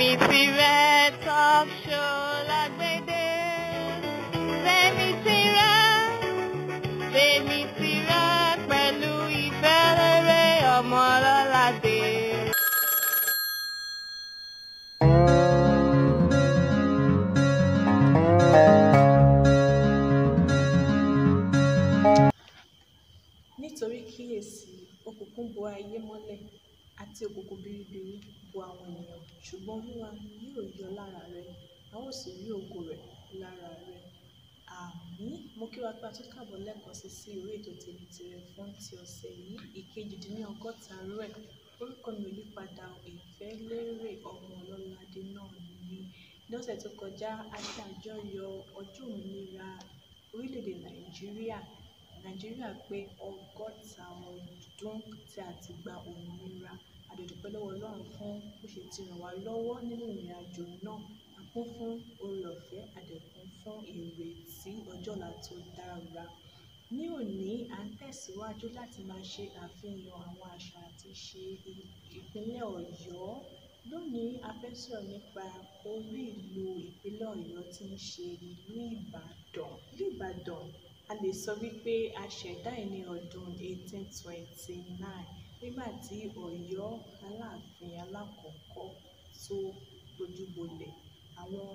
èmi ti rẹ talk show lágbédé fẹ́mi ti rẹ fẹ́mi ti rẹ pẹ̀lú ìfẹ́ rere ọmọ ọlọ́ládé. nítorí kíyèsí òkùnkùn bo ayé mọ́lẹ̀ àti òkùnkùn biribiri bo àwọn ènìyàn ṣùgbọ́n olúwa yóò yọ lára rẹ a ó sì rí ògo rẹ lára rẹ àmín mo kí wa pé a tún kàbọ̀ lẹ́ẹ̀kan sí sí orí ètò tèmi tirẹ̀ fún ti ọ̀sẹ̀ yìí ìkejìdínlọ́gọ́ta rẹ̀ orúkọ mi ò yí padà ìfẹ́ lérè ọmọ ọlọ́ládé náà ni lọ́sẹ̀ tó kọjá a ṣe àjọyọ̀ ọjọ́ òmìnira orílẹ̀-èdè nàìjíríà nàìjíríà pé ọgọ́ta ọdún tí a ti gba òmìnira a dẹ̀ dúpẹ́ lọ́wọ́ ọlọ́run fún bó ṣe ti ràn wá lọ́wọ́ nínú ìrìn àjò náà a kún fún oore ọ̀fẹ́ a dẹ̀ kún fún ìrètí ọjọ́ ọ̀la tó dára ní òní à ń tẹ̀síwájú láti máa ṣe àfihàn àwọn àṣà àti ìṣe ìpínlẹ̀ ọ̀yọ́ lónìí a fẹ́ sọ̀rọ̀ nípa olú ìlú ìpínlẹ̀ ọ̀yọ́ tí ń ṣe ìlú ìbàdàn ìlú ìbàdàn a lè sọ wípé a ṣẹ̀dá ẹ̀ ní ọdún eighteen twenty nine nígbà tí ọ̀yọ́ aláàfin alákọ̀ọ́kọ́ tó gbójúgbolẹ̀ àwọn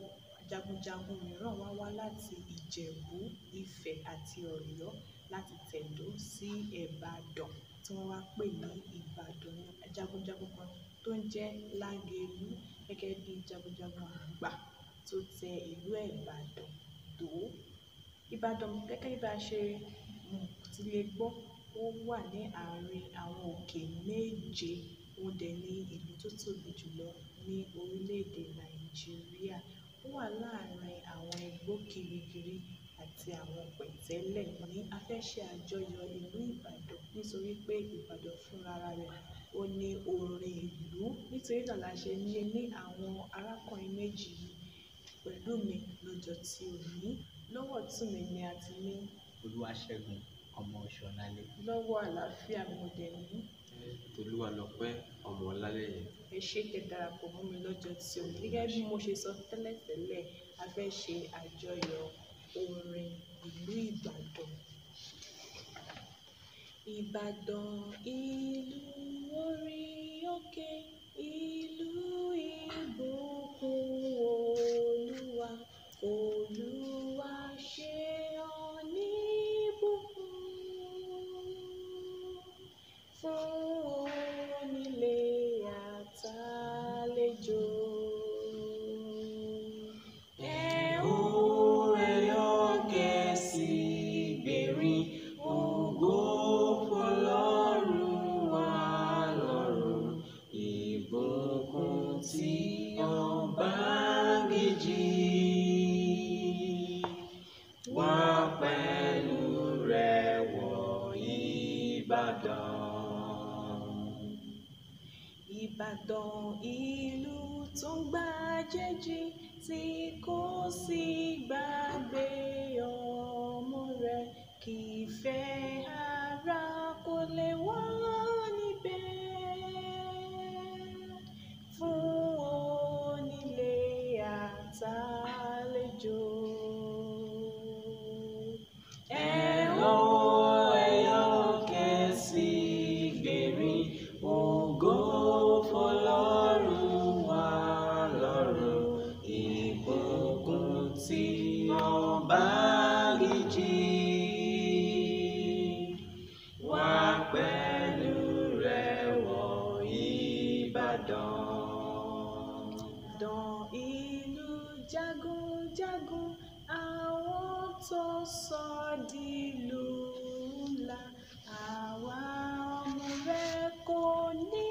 jagunjagun mìíràn wá wá láti ìjẹ̀bú ifẹ̀ àti ọ̀yọ́ láti tẹ̀dó sí ẹ̀bàdàn tí wọ́n wá pè ní ìbàdàn jagunjagun kan tó ń jẹ́ lágelú gẹ́gẹ́ bí jagunjagun àgbà tó tẹ ìlú ẹ̀bàdàn dó ìbàdàn gẹ́gẹ́ bí a ṣe um ti lè gbọ́ ó wà ní àárín àwọn òkè méje ó dẹ̀ ní ìlú tó tóbi jùlọ ní orílẹ̀-èdè nàìjíríà ó wà láàrin àwọn igbó kirikiri àti àwọn pẹ̀tẹ́lẹ̀ ní a fẹ́ ṣe àjọyọ̀ ìlú ìbàdàn nítorí pé ìbàdàn fúnra rẹ̀ ó ní orin ìlú nítorí náà la ṣe ní ní àwọn arákùnrin méjì yìí pẹ̀lú mi lọ́jọ́ tí ò ní lọ́wọ́ ọ̀tún mi ni a ti ní. olúwaṣẹ́gun ọmọ ọ̀ṣọ́nálé. lọ́wọ́ àlàáfíà mo dẹ̀ ní. tolúwalọpẹ́ ọmọ ọlálẹ́yẹ. ẹ ṣé tẹ darapọ̀ mọ́ mi lọ́jọ́ tí o gẹ́gẹ́ bí mo ṣe sọ tẹ́lẹ̀tẹ́lẹ̀ a fẹ́ ṣe àjọyọ̀ orin ìlú ìbàdàn. ìbàdàn ìlú orí òkè ìlú ìbò. say Ìbàdàn ìlú tó gbàjèjì tí kò sì gbàgbé ọmọ rẹ̀ kìí fẹ́ tó sọ dìlù ńlá àwa ọmọ rẹ kò ní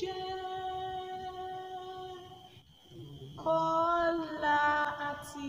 jẹ ọlá àti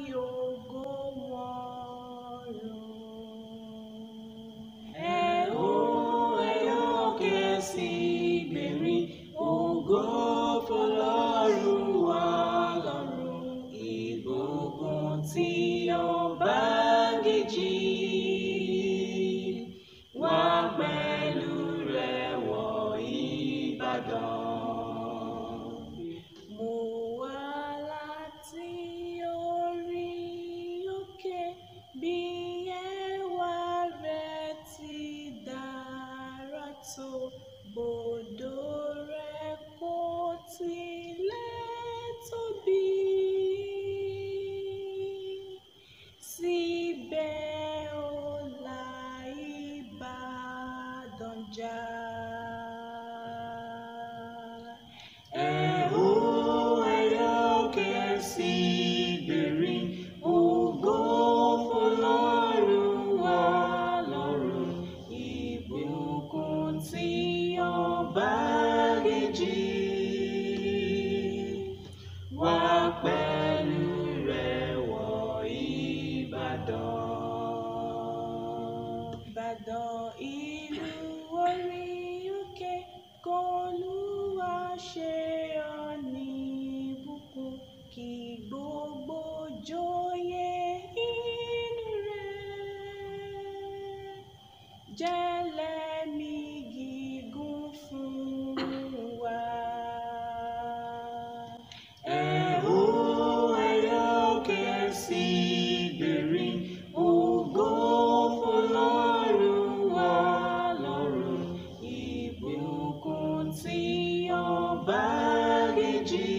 Jesus.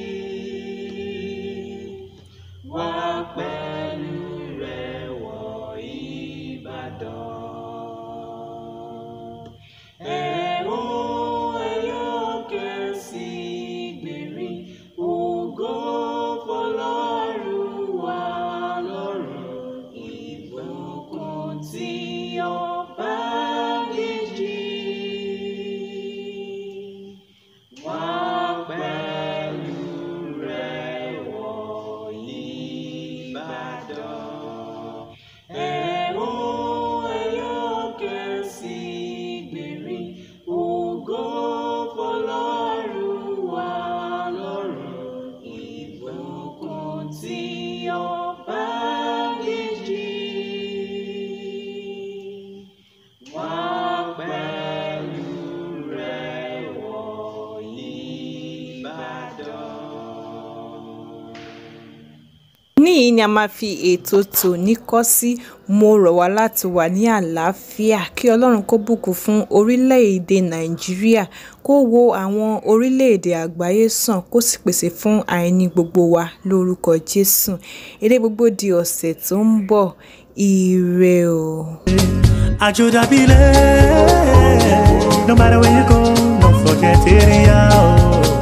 kínní yìí ni a máa fi ètò tòní kọ́ sí mo rọ̀ wá láti wà ní àlàáfíà kí ọlọ́run kó bùkún fún orílẹ̀-èdè nàìjíríà kó wo àwọn orílẹ̀-èdè àgbáyé sàn kó sì pèsè fún àìní gbogbo wa lórúkọ jésù eré gbogbo di ọ̀sẹ̀ tó ń bọ̀ ire o. àjò dàbílẹ̀ no matter where you go no forget area o. Oh.